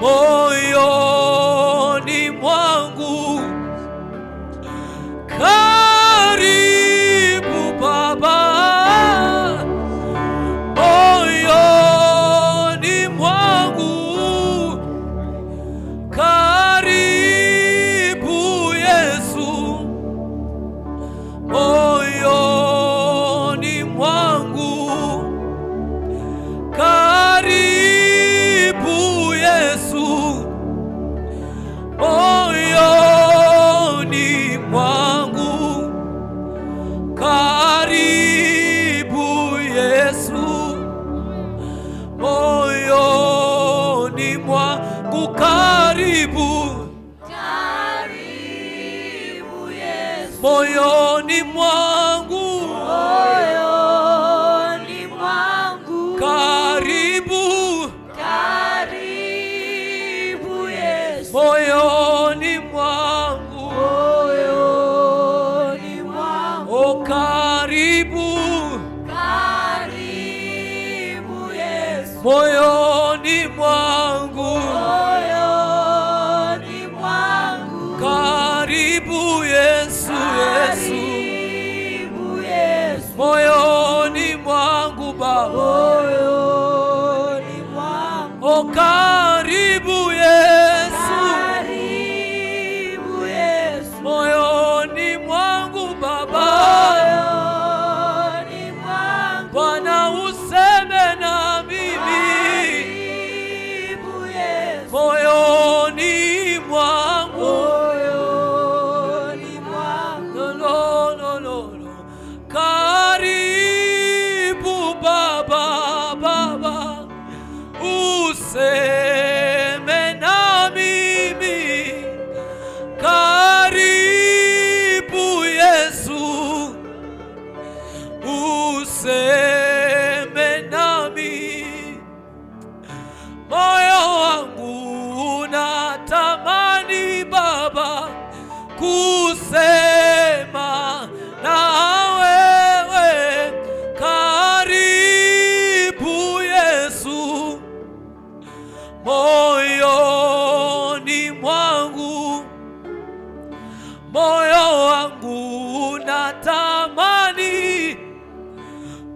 more. Oh, natamani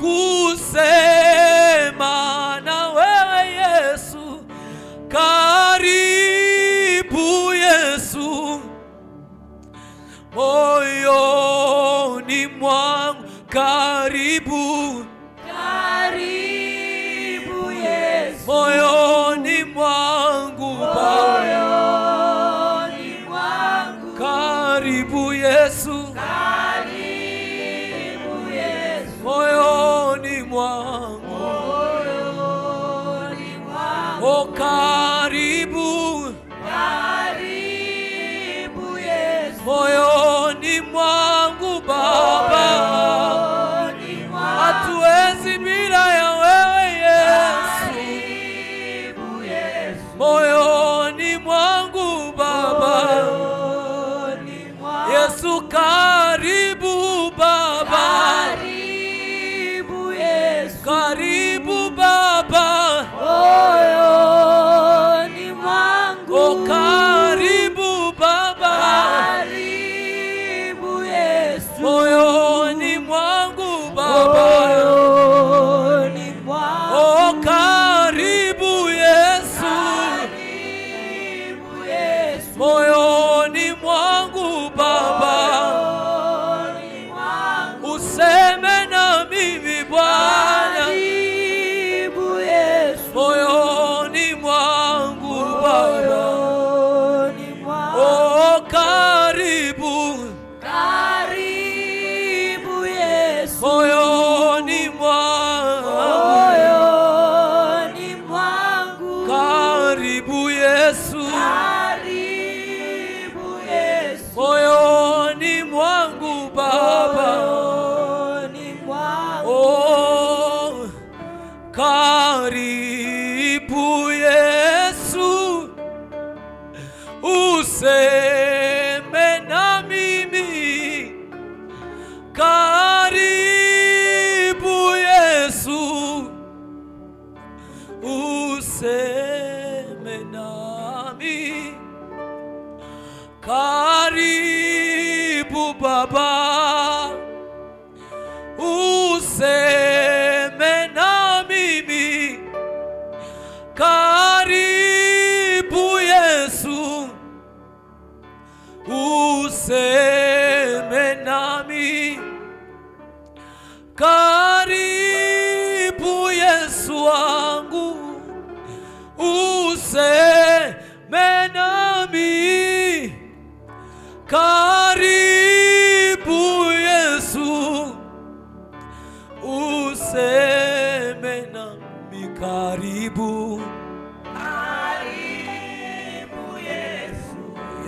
kuse one. chore.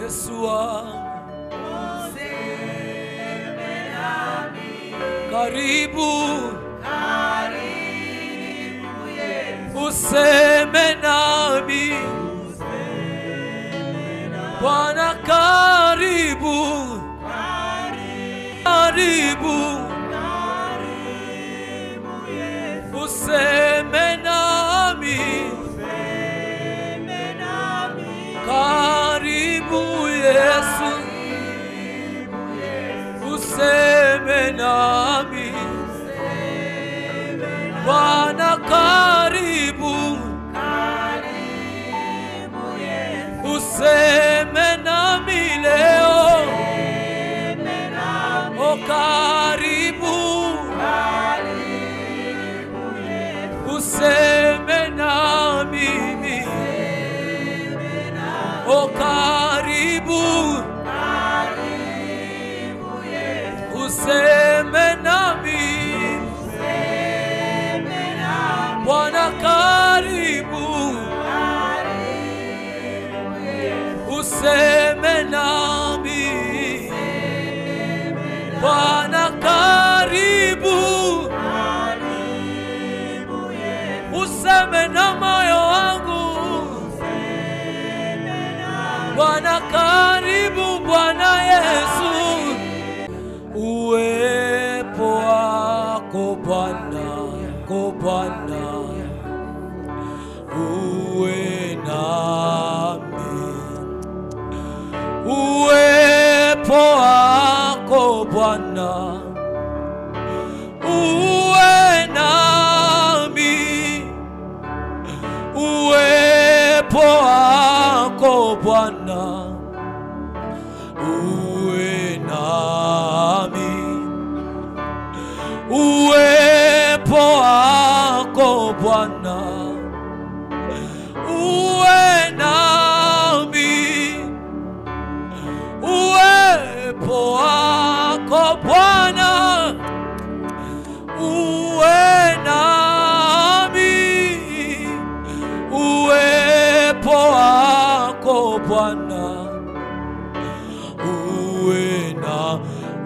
Yeshua. Karibu, karibu Yesu. Useme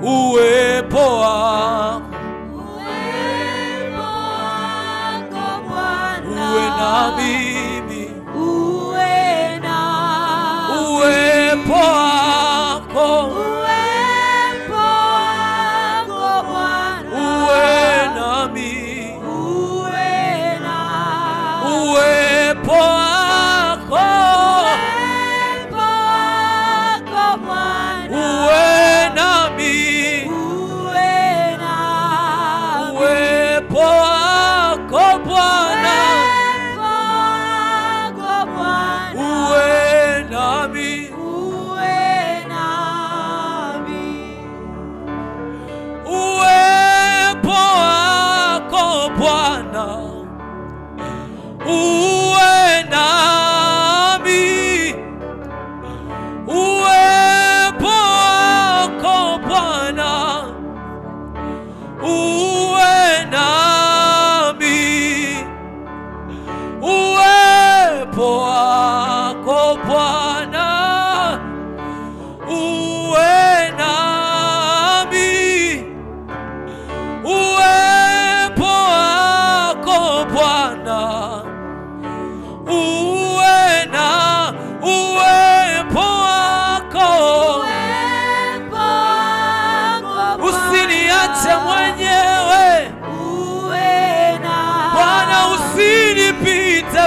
uwepo wako uwe nami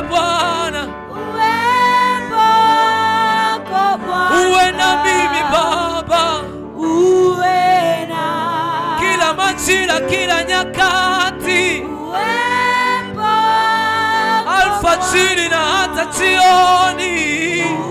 wewe Bwana, uwe na mimi Baba, uwe na kila majira, kila nyakati, alfajiri na hata jioni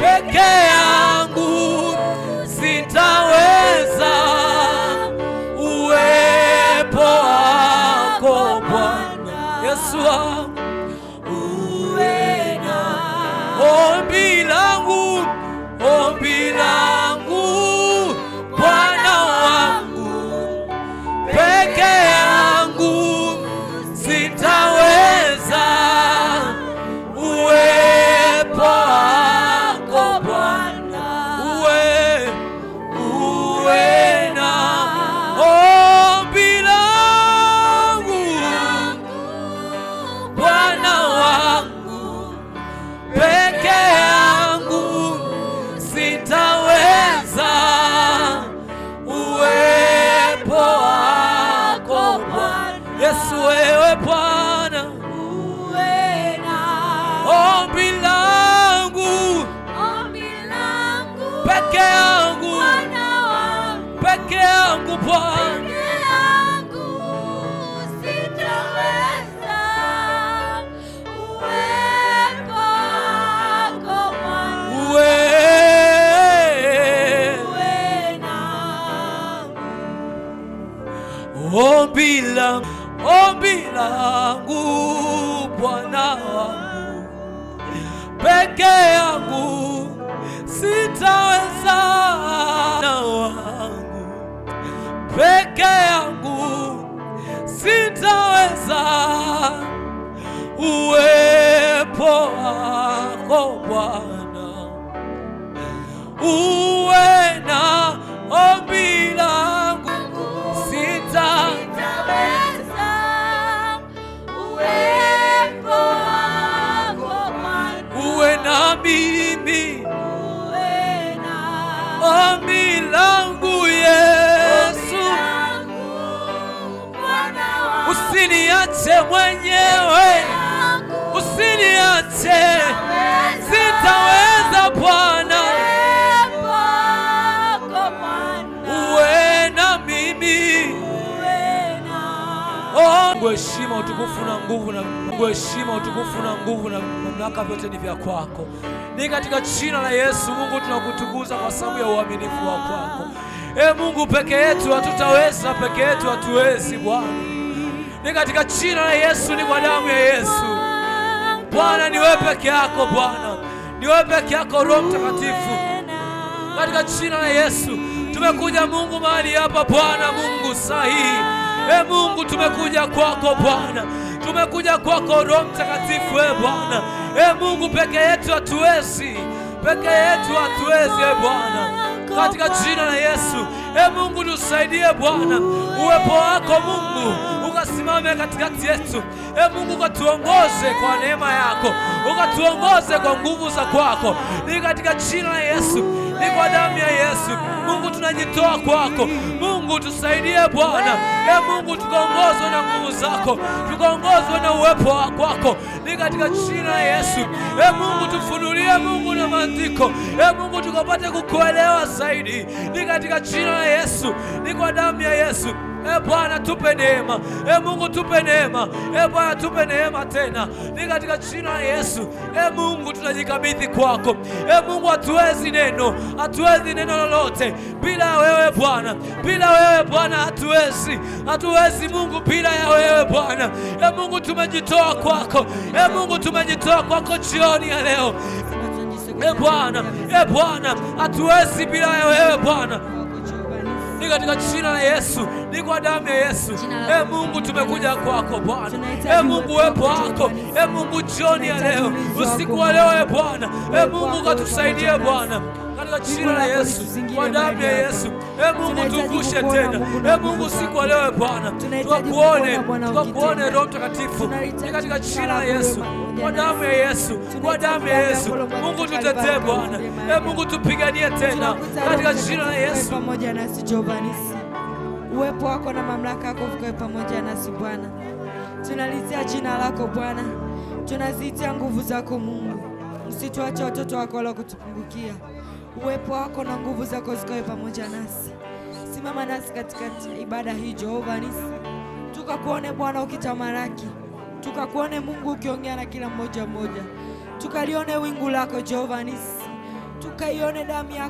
Again. away Ombi langu Bwana wangu, peke yangu sitaweza, na wangu peke yangu sitaweza, uwepo wako Bwana uwe na mwenyewe, usiniache, sitaweza Bwana, uwe na mimi. Oh, heshima, utukufu na nguvu na heshima, utukufu na nguvu na mamlaka, vyote ni vya kwako, ni katika jina la Yesu. Mungu tunakutukuza kwa sababu ya uaminifu wa kwako. E Mungu, peke yetu hatutaweza, peke yetu hatuwezi Bwana ni katika jina la Yesu, ni kwa damu ya Yesu. Bwana ni wewe peke yako, Bwana ni wewe peke yako, Roho Mtakatifu, katika jina la Yesu. Tumekuja Mungu mahali hapa Bwana Mungu sahihi. E Mungu, tumekuja kwako Bwana, tumekuja kwako Roho Mtakatifu. E Bwana, e Mungu, peke yetu hatuwezi, peke yetu hatuwezi. E Bwana, katika jina la Yesu, e Mungu, tusaidie Bwana, uwepo wako Mungu usimame katikati yetu. E Mungu, ukatuongoze kwa neema yako, ukatuongoze kwa nguvu za kwako, ni katika jina la Yesu, ni kwa damu ya Yesu. Mungu tunajitoa kwako, Mungu tusaidie Bwana. E Mungu, tukaongozwe na nguvu zako, tukaongozwe na uwepo wako, ni katika jina la Yesu. E Mungu, tufunulie Mungu na maandiko, e Mungu, tukapate kukuelewa zaidi, ni katika jina la Yesu, ni kwa damu ya Yesu. E Bwana tupe neema, e Mungu tupe neema, e Bwana tupe neema tena, ni katika jina la Yesu. E Mungu tunajikabidhi kwako, e Mungu hatuwezi neno, hatuwezi neno lolote bila wewe Bwana, bila wewe Bwana hatuwezi Hatuwezi Mungu bila ya wewe Bwana. E Mungu, tumejitoa kwako. E Mungu, tumejitoa kwako jioni ya leo. E Bwana, e Bwana, hatuwezi bila ya wewe Bwana. Ni katika jina la Yesu, ni kwa damu ya Yesu. E Mungu, tumekuja kwako Bwana. E Mungu, wepo wako. E Mungu, jioni ya leo, usiku wa leo, e Bwana. E Mungu, katusaidie Bwana katika jina la Yesu, kwa damu ya Yesu. E Mungu tukushe tena, e Mungu siku leo Bwana tukakuone, tukakuone Roho Mtakatifu katika jina la Yesu, kwa damu ya Yesu, kwa damu ya Yesu. Mungu tutetee Bwana, e Mungu tupiganie tena katika jina la Yesu. Pamoja nasi Jehova, uwepo wako na mamlaka yako vikawe pamoja nasi Bwana, tunalizia jina lako Bwana, tunazitia nguvu zako Mungu, msituache watoto wako wala kutupungukia uwepo wako na nguvu zako zikawe pamoja nasi. Simama nasi katika ibada hii Jehova nisi, tukakuone Bwana ukitamaraki tukakuone Mungu ukiongea na kila mmoja mmoja, tukalione wingu lako Jehova nisi, tukaione damu yako.